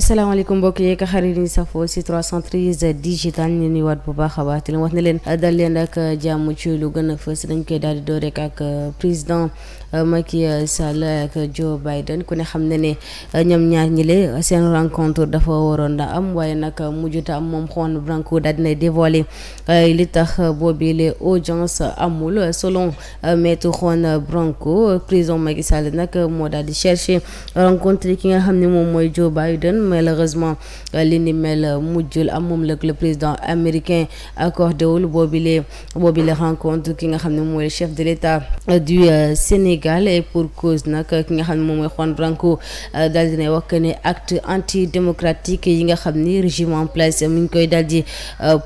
asalaamaaleykum mbokk yeeg xarit yi safoo si 313 digital ñu nuyuwaat bu baax a baax te leen wax ne leen dal leen ak jàmm ci lu gën a fës dañ koy daal di door rek ak euh, président euh, Macky Sall ak Joe Biden ku ne xam ne ne euh, ñoom ñaar ñile seen rencontre dafa waroon da am waaye nag mujjuta am moom Juan Branco daal dina dévoilé li tax boobi les audience amul selon maître Juan Branco président Macky Sall nag moo daal di cherché rencontre ki nga xam ne moom mooy Joe Biden. malheureusement euh, li ni mel euh, mujjul am moom la président américain accordé wul boobile boobile rencontre ki nga xam ne mooy chef de l'état euh, du Sénégal ki nga xam ne moom mooy Juan Branco daal dina wax ne acte anti démocratique yi nga xam ni régime en place mi ngi koy daal di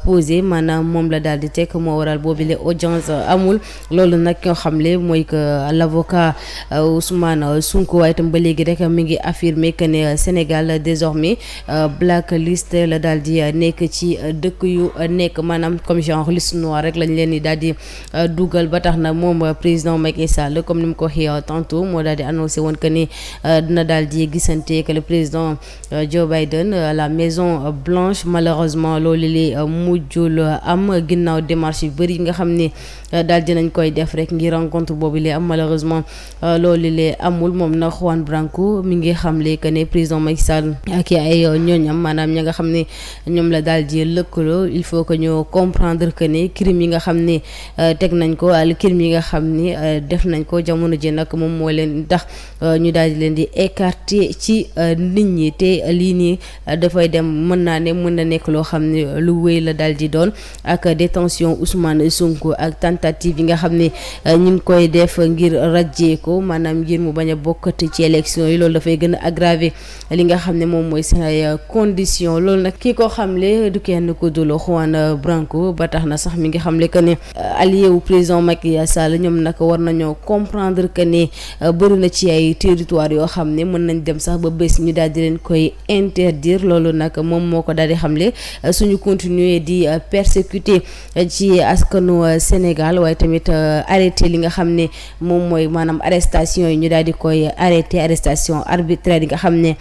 posé maanaam moom la daal di teg moo waral boobile audience amul loolu nag ñoo xam le mooy que l'avocat Ousmane Sonko waaye itam ba léegi rek mi ngi affirmer que Sénégal désormais désormais euh, blacklist la daal euh, nekk ci euh, dëkk yu nekk maanaam comme genre liste noire rek lañ leen di daal di dugal ba tax na moom président Macky Sall comme ni mu ko a tantôt moo daal di annoncé woon que ni dina daal di gisante que le président Joe Biden à la Maison Blanche malheureusement loolu li mujjul am ginnaaw démarche yu bëri yi nga xam ni daal dinañ koy def rek ngir rencontre boobu lee am malheureusement loolu lee amul moom na Juan Branco mi ngi xamle que ne président Macky Sall ak ay ñooñam maanaam ña nga xam ne ñoom la daal di lëkkaloo il faut que ñu comprendre que ni crime yi nga xam ne euh, teg nañ ko wala crime yi nga xam ni euh, def nañ ko jamono ji nag moom moo leen tax euh, ñu daal di leen di écarter ci nit ñi te lii nii dafay dem mën naa ne mën na nekk loo xam ne lu wéy la daal di doon ak détention Ousmane Sonko ak tentative yi nga xam ne ñu ngi koy def ngir rajjee ko maanaam ngir mu bañ a bokkati ci élection yi loolu dafay gën a aggraver li nga xam ne moom moom mooy seen ay euh, conditions loolu nag ki ko xamle du kenn ko dul Juan Branco ba tax na sax mi ngi xamle que ne euh, allié wu président Macky Sall ñoom nag war nañoo comprendre que ne euh, bëri na ci ay territoire yoo xam ne mën nañ dem sax ba bés ñu daal di leen koy interdire loolu nag moom moo ko daal di xamle suñu continuer di persécuter ci askanu Sénégal waaye tamit arrêté li nga xam ne moom mooy maanaam arrestation yi ñu daal di koy arrêté arrestation arbitraire nga xam ne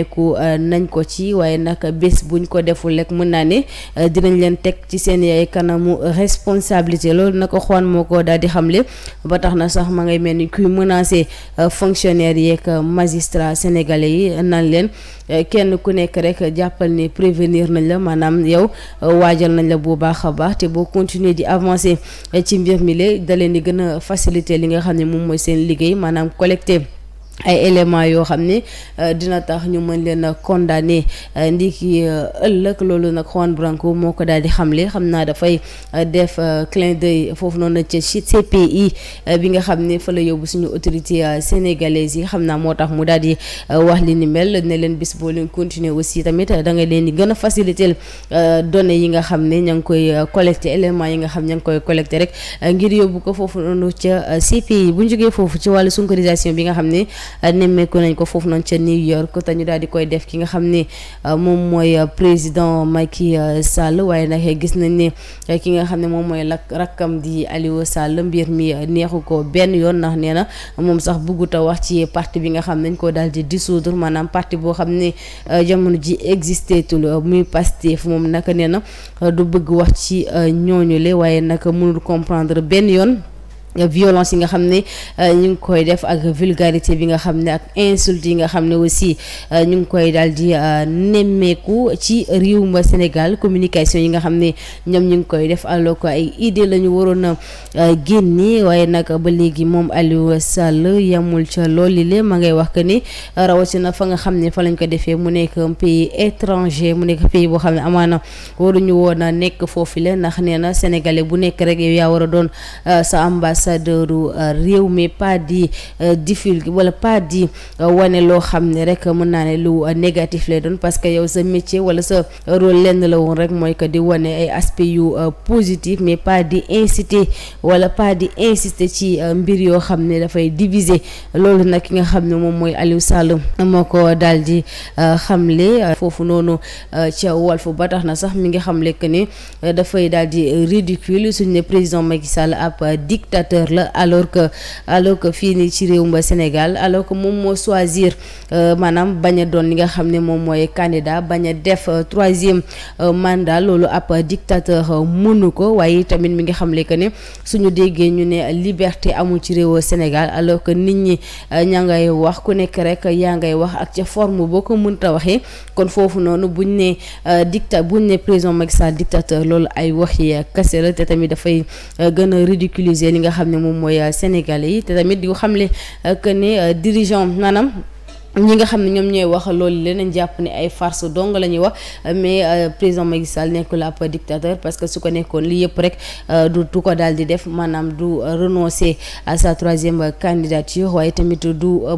nemmeeku euh, nañ ko ci waaye nag bés buñ ko deful rek mën naa ne euh, dinañ leen teg ci seen yaay kanamu responsabilité loolu nag Juan moo ko daal di xamle ba tax na sax ma ngay mel ni kuy menacer euh, fonctionnaire yeeg magistrat sénégalais yi naan leen kenn ku nekk rek jàppal ne prévenir nañ la maanaam yow waajal nañ la bu baax a baax te boo continuer di avancer ci mbir mi la da leen di gën a faciliter li nga xam ne moom mooy seen liggéey maanaam collecté ay éléments yoo xam ne euh, dina tax ñu mën leen a condamné euh, ndiki euh, ëllëg loolu nag Juan Branco moo ko daal di xamle xam naa dafay def clin d'œil foofu noonu ca CPI bi nga xam ne fa la yóbbu suñu autorité sénégalaise yi xam naa moo tax mu daal di wax li ni mel ne leen bis boo leen continuer aussi tamit da nga leen di gën a faciliter données yi nga xam ne ña ngi koy collecté éléments yi nga xam ña ngi koy collecté rek ngir yóbbu ko foofu noonu ca CPI bu ñu jógee foofu ci wàllu sonkorisation bi nga xam ne. Euh, nemmeeku nañ ko foofu noonu ca New York te ñu daal di koy def ki nga xam ne euh, moom mooy euh, président may ki Sall waaye nag gis nañ ne ki nga xam ne moom mooy lak rakkam di Aliou sàll mbir mi neexu ko benn yoon nax nee na moom sax buggut wax ci parti bi nga xam nañ ko daal di dissoudre maanaam parti boo xam ne jamono ji existé tul muy Pastef moom naka nee na du bëgg wax ci ñooñule waaye nag mënul comprendre benn yoon violence yi nga xam ne euh, ñu ngi koy def ak vulgarité bi nga xam ne ak insulte yi nga xam ne aussi euh, ñu ngi koy daal di euh, nemmeeku ci ma Sénégal communication yi nga xam ne ñoom ñu ngi koy def alors que ay idée la ñu waroon a génne waaye nag ba léegi moom Aliou Sall yamul ca loolu le ma ngay wax que ni rawatina fa nga xam ne fa lañ ko defee mu nekk un pays étranger mu nekk pays boo xam ne amaana waruñu woon a nekk foofu la ndax nee na sénégalais bu nekk rek yow yaa war sa ambassadeuru euh, réew mi pas di euh, divulguer wala pas di euh, wane loo xam ne rek mën naa ne lu négatif lay doon parce que yow sa métier wala sa rôle lenn la woon rek mooy que di wane ay aspects yu positif mais pas di inciter wala pas di insité ci mbir yoo xam ne dafay diviser loolu nag ki nga xam ne moom mooy Aliou Sall moo ko daal di xamle foofu noonu ca Walf ba tax na sax mi ngi xamle que ni dafay daal di ridicule suñ ne président Macky ab dictateur dictateur la alors que alors que fii nii ci réew réewum Sénégal alors que moom moo choisir euh, maanaam bañ a doon li nga xam ne moom mooy candidat bañ a def euh, troisième euh, mandat loolu ab dictateur mënu ko waaye tamit mi nga xam le que ne suñu déggee ñu ne liberté amul ci réew Sénégal alors que nit ñi ñaa ngay wax ku nekk rek yaa ngay wax ak ca forme boo ko mënta waxee kon foofu noonu buñ ne dicta buñ ne président Macky Sall loolu ay waxi kase la te tamit dafay gën a ridiculiser li nga xam ne moom mooy euh, sénégalais yi te tamit di xamle euh, que ne euh, dirigeant maanaam. ñi nga xam ne ñoom ñooy wax loolu leneen jàpp ne ay farce dong la ñuy wax mais euh, président Macky Sall nekkul ab dictateur parce que su ko nekkoon li yëpp rek euh, du du ko daal di def maanaam du euh, renoncer à sa troisième candidature waaye tamit du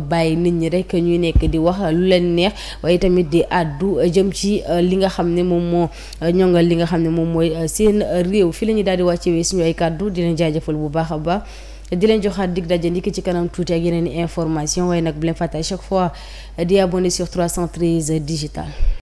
bàyyi nit ñi rek ñuy nekk di wax lu leen neex waaye tamit di àddu jëm ci li nga xam ne moom moo ñongal li nga xam ne moom mooy seen réew fi la ñuy daal di wàcce suñu ay kàddu dina jaajëfal bu baax a baax. di leen joxaat dig daje ndiki ci kanam tuuti ak yeneen i information waaye nag bu leen fàtte à chaque fois di abonné sur 313 digital